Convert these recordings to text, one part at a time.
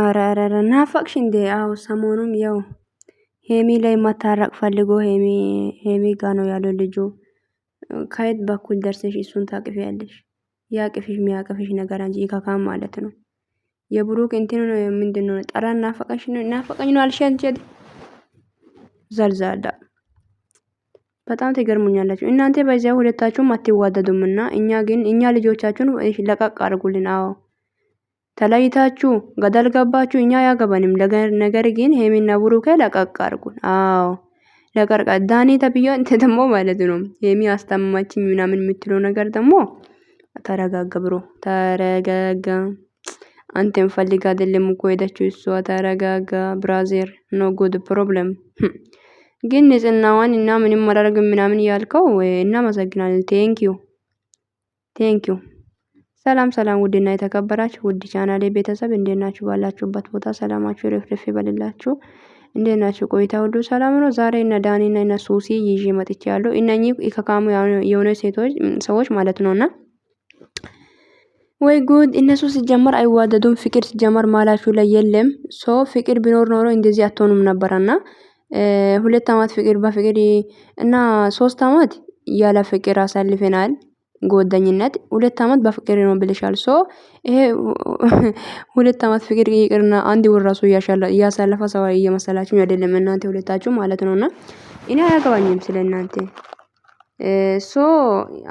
አረረረ ኧረ ናፈቅሽ እንዴ? አው ሰሞኑም ያው ሄሚ ላይ መታረቅ ፈልጎ ሄሚ ጋ ነው ያለው ልጁ። ከየት በኩል ደርሰሽ እሱን ታቅፊ ያለሽ? ያቅፍሽ ሚያቅፍሽ ነገር አንጂ ኢካካም ማለት ነው። የብሩክ እንትን ነው ምንድን ነው ጠረን ናፈቀሽ ነው ናፈቀኝ ነው አልሽ አንቺ። ዘልዛዳ በጣም ትገርሙኛላችሁ እናንተ። በዚያ ሁለታችሁም አትዋደዱምና እኛ ግን እኛ ልጆቻችሁን ለቀቅ አድርጉልን። አዎ ተለይታችሁ ገደል ገባችሁ እኛ አያገባንም። ነገር ግን ሄሚና ብሩኬ ለቀቅ አርጉን። አዎ ለቀርቃ ዳኔ ተብያ እንት ደሞ ማለት ነው ሄሚ አስታማችኝ ምናምን የምትለው ነገር ደግሞ ተረጋጋ ብሮ ተረጋጋ። አንተ ፈልጋ አይደለም እኮ ሄደችው እሷ ተረጋጋ። ብራዚር ኖ ጉድ ፕሮብለም hm። ግን ንጽህናዋን እና ምንም መራረግ ምናምን ያልከው እና መሰግናለን። ቴንኪዩ ቴንኪዩ ሰላም ሰላም ውድና የተከበራችሁ ውድ ቻናሌ ቤተሰብ እንዴት ናችሁ? ባላችሁበት ቦታ ሰላማችሁ ርፍርፍ ይበልላችሁ። እንዴት ናችሁ? ቆይታ ሁሉ ሰላም ነው? ዛሬ እነ ዳኒ እና እነ ሱሲ ይዤ ያሉ እነኚህ ከካሙ የሆነ ሴቶች ሰዎች ማለት ነውና ወይ ጉድ! እነሱ ሲጀመር አይዋደዱም። ፍቅር ሲጀመር ማላችሁ ላይ የለም። ሶ ፍቅር ቢኖር ኖሮ እንደዚህ አትሆኑም ነበረና ሁለት አመት ፍቅር በፍቅር እና ሶስት አመት ያለ ፍቅር አሳልፈናል። ጓደኝነት ሁለት ዓመት በፍቅር ነው ብልሻል። ሶ ይሄ ሁለት ዓመት ፍቅር ይቅርና አንድ ወር ራሱ እያሳለፈ ሰው እየመሰላችሁ አይደለም እናንተ ሁለታችሁ ማለት ነውና፣ እኔ አያገባኝም ስለ እናንተ። ሶ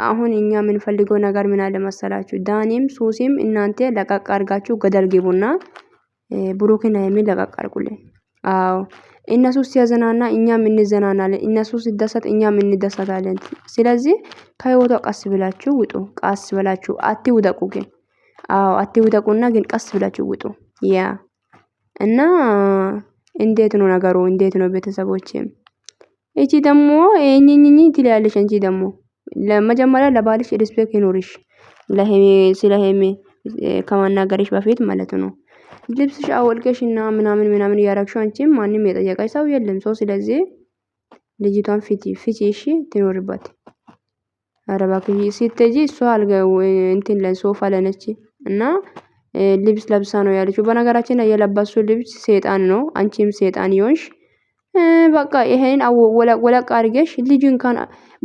አሁን እኛ የምንፈልገው ነገር ምን አለ መሰላችሁ? ዳኒም ሱሲም እናንተ ለቀቅ አርጋችሁ ገደል ግቡና ብሩክን ሀይሚን ለቀቅ አርጉልን። አዎ እነሱ ሲያዝናና እኛም እንዘናናለን፣ እነሱ ሲደሰት እኛም እንደሰታለን። ስለዚህ ከህይወቷ ቀስ ብላችሁ ውጡ። ቀስ ብላችሁ አትውደቁ ግን አዎ አትውደቁና ግን ቀስ ብላችሁ ውጡ። ያ እና እንዴት ነው ነገሩ? እንዴት ነው ቤተሰቦች እቺ ደግሞ እኝኝኝ ትላለች። አንቺ ደግሞ ለመጀመሪያ ለባልሽ ሪስፔክት ይኖርሽ፣ ስለ ሄሜ ከማናገርሽ በፊት ማለት ነው። ልብስሽ እና ምናምን ምናምን እያረግሽ አንቺም ማንም የጠየቀሽ ሰው የለም። ሰው ስለዚህ ልጅቷን ፊት ፊት እሺ ትኖርባት አረባክ ሲተጂ እሷ አልገ እንትን ለሶፋ ለነች እና ልብስ ለብሳ ነው ያለችው። በነገራችን ላይ የለበሱ ልብስ ሴጣን ነው። አንቺም ሴጣን ይሆንሽ። በቃ ይሄን ወለቅ አድርገሽ ልጅ እንኳን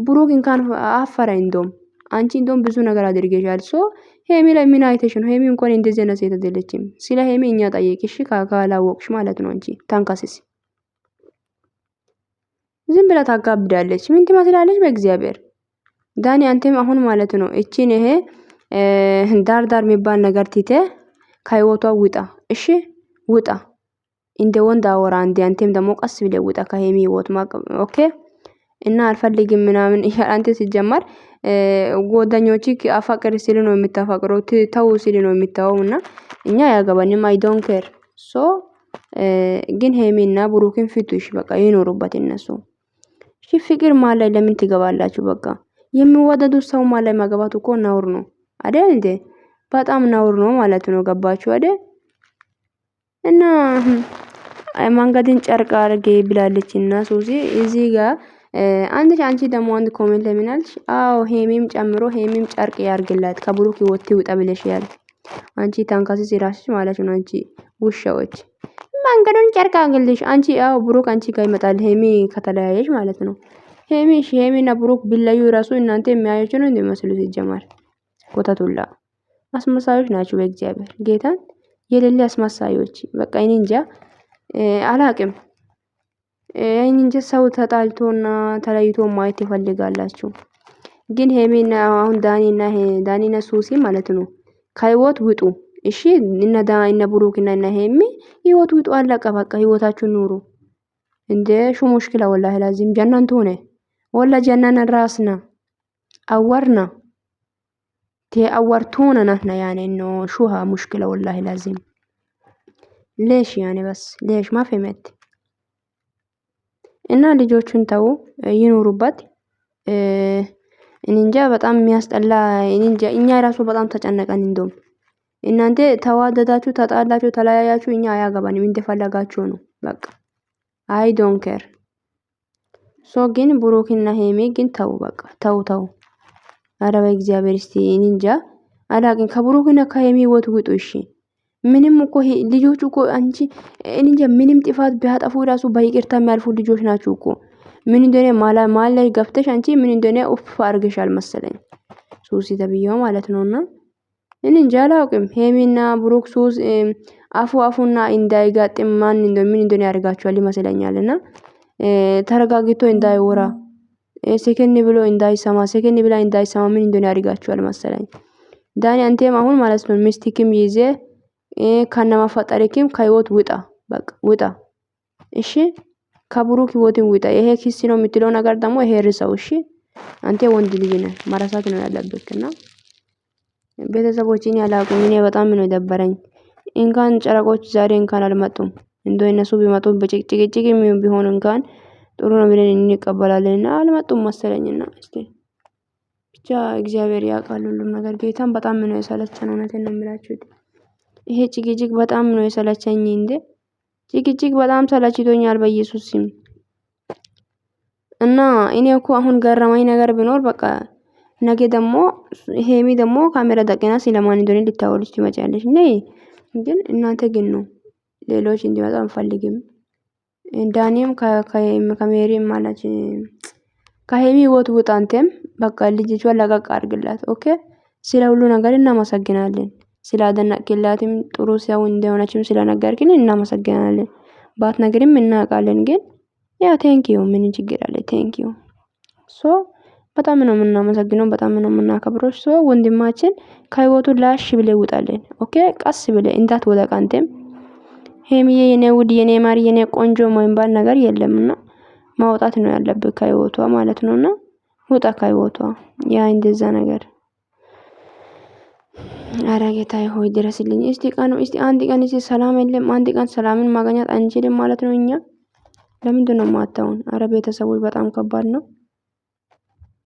ብሩክ እንኳን አፈረ እንደውም አንቺ እንደውም ብዙ ነገር አድርገሻል። ሶ ሄሚ ላይ ምን አይተሽ ነው? ሄሚ እንኳን እንደዚህ አይነት ሴት አይደለችም። ስለ ሄሚ እኛ ጠየቅሽ ካላወቅሽ ማለት ነው እንጂ ታንካስስ ዝም ብላ ታጋብዳለች። ምን ትመስላለች? በእግዚአብሔር ዳኒ፣ አንተም አሁን ማለት ነው እቺን ይሄ ዳር ዳር የሚባል ነገር ትቴ ከህይወቷ ውጣ። እሺ ውጣ፣ እንደ ወንድ አወራ። አንዴ አንተም ደግሞ ቀስ ብለ ውጣ ከሄሚ ህይወት ኦኬ እና አልፈልግም ምናምን ይሄ አንተ ሲጀመር ጓደኞች አፋቅር ሲል ነው የምታፋቅረው፣ ተው ሲል ነው የምታወው። እና እኛ ያገባንም አይ ዶንት ኬር ሶ ግን ሄሜና ብሩክን ፊቱ ፍቱሽ በቃ ይኖሩበት እነሱ። እሺ ፍቅር ማለ ለምን ትገባላችሁ? በቃ የሚወደዱ ሰው ማለ ማገባት እኮ ነውር ነው አይደል እንዴ? በጣም ነውር ነው ማለት ነው። ገባችሁ አይደል? እና መንገድን ጨርቅ አርጌ ብላለች እና ሶሲ እዚህ ጋር አንድ አንቺ ደግሞ አንድ ኮሜንት ላይ ምን አልሽ? አዎ ሄሚም ጨምሮ ሄሚም ጨርቅ ያርግላት ከብሩክ ህይወት ይውጣ ያል አንቺ ታንካሲስ የራስሽ ማለት ነው። አንቺ ውሻዎች መንገዱን ጨርቅ አግልሽ አንቺ። አዎ ብሩክ አንቺ ጋር ይመጣል ሄሚ ከተለያየሽ ማለት ነው። ሄሚ እሺ፣ ሄሚና ብሩክ ቢለዩ ራሱ እናንተ የሚያዩችሁ ነው እንደሚመስሉ ሲጀማር ኮተቱላ አስመሳዮች ናቸው። በእግዚአብሔር ጌታን የሌለ አስመሳዮች በቃ እኔ እንጃ አላቅም። ይህን እንጂ ሰው ተጣልቶና ተለይቶ ማየት ይፈልጋላችሁ። ግን ሄሜና አሁን ዳኒና ዳኒና ሱሲ ማለት ነው ከህይወት ውጡ እሺ። እነ ዳኒ እነ ብሩክና እነ ሄሜ ህይወት ውጡ፣ አለቀ በቃ። ህይወታችሁን ኑሩ እንደ ሹሙሽክላ ወላ ላዚም ጀናንቱ ሆነ ወላ ጀናን ራስና አወርና ቴ አወርቱና ናትና ያኔ ነው ሹሃ ሙሽክላ ወላ ላዚም ሌሽ ያኔ በስ ሌሽ ማፈመት እና ልጆቹን ተው ይኖሩበት። እንጃ በጣም የሚያስጠላ እንጃ። እኛ ራሱ በጣም ተጨነቀን። እንደውም እናንተ ተዋደዳችሁ፣ ተጣላችሁ፣ ተለያያችሁ እኛ አያገባንም እንደፈለጋችሁ ነው በቃ አይ ዶንት ኬር። ሶ ግን ብሩክና ሄሜ ግን ተው በቃ ተው ተው። አረ በእግዚአብሔር እስቲ እንጃ አላቅን። ከብሩክና ከሄሜ ህይወት ውጡ እሺ። ምንም እኮ ይሄ ልጆች እኮ አንቺ እንጃ ምንም ጥፋት ቢያጠፉ ራሱ በይቅርታ የሚያልፉ ልጆች ናቸው እኮ። ምን እንደሆነ ማላ ማል ላይ አንቺ ምን እንደሆነ ኡፍ አርገሻል መሰለኝ ሱሲ ተብዬው ማለት ነውና እኔ እንጃ አላውቅም። ሄሚና ብሩክ ሱስ አፉ አፉና እንዳይጋጥም ማን እንደ ምን እንደሆነ ያደርጋቸዋል ይመስለኛልና ተረጋግቶ እንዳይወራ ሴከንድ ብሎ እንዳይሰማ ሴከንድ ብላ እንዳይሰማ ምን እንደሆነ ያደርጋቸዋል መሰለኝ። ዳኒ አንቴም አሁን ማለት ነው ሚስቲክም ይዜ kan nama ኪም ከህይወት ውጣ። በቃ ውጣ። እሺ ከብሩክ ህይወትን ውጣ። ይሄ ኪስ ነው የምትለው ነገር ደግሞ ይሄ ርሰው። እሺ አንተ ወንድ ልጅ ነህ፣ መረሳት ነው ያለብህ። እና ቤተሰቦችን ያላቁም። እኔ በጣም ነው የደበረኝ። እንኳን ጨረቆች ዛሬ እንኳን አልመጡም። እንደ እነሱ ቢመጡ በጭቅጭቅ ቢሆን እንኳን ጥሩ ነው ብለን እንቀበላለን። እና አልመጡም መሰለኝና እስቲ ብቻ እግዚአብሔር ያውቃል ሁሉም ነገር። ጌታን በጣም ነው የሰለቸን። እውነቴን ነው የምላችሁት። ይሄ ጭቅጭቅ በጣም ነው የሰለቸኝ። እንዴ ጭቅጭቅ በጣም ሰለችቶኛል በኢየሱስ ስም። እና እኔ እኮ አሁን ገረመኝ ነገር ቢኖር በቃ ነገ ደግሞ ሄሚ ደግሞ ካሜራ ደቀና ሲለማን እንደሆነ ልታወልች ትመጫለች። ነይ ግን እናንተ ግን ነው ሌሎች እንዲመጣ አንፈልግም። ዳኒም ከሜሪም ማለት ከሄሚ ወት ውጣ። አንተም በቃ ልጅቷ ለቀቅ አርግላት። ኦኬ ስለ ሁሉ ነገር እናመሰግናለን። ስላደነቅላትም ጥሩ ሰው እንደሆነችም ስለነገርክን እናመሰግናለን። ባት ነገርም እናውቃለን ግን ያው ቴንኪዩ ምን ችግር አለ? ቴንኪዩ ሶ በጣም ነው የምናመሰግነው፣ በጣም ነው የምናከብሮች ሶ ወንድማችን ከህይወቱ ላሽ ብለ ውጣለን። ኦኬ ቀስ ብለ እንዳት ወደ ቃንቴም ሄሚዬ የኔ ውድ የኔ ማር የኔ ቆንጆ ማይባል ነገር የለምና ማውጣት ነው ያለብህ ከህይወቷ ማለት ነውና ውጣ ከህይወቷ ያ እንደዛ ነገር አረ ጌታዬ ሆይ ድረስልኝ። እስቲ ቀን እስቲ አንድ ቀን እስቲ ሰላም የለም፣ አንድ ቀን ሰላምን ማገኛት አንችልም ማለት ነው እኛ። ለምንድን ነው ማታውን? አረ ቤተሰቦች በጣም ከባድ ነው።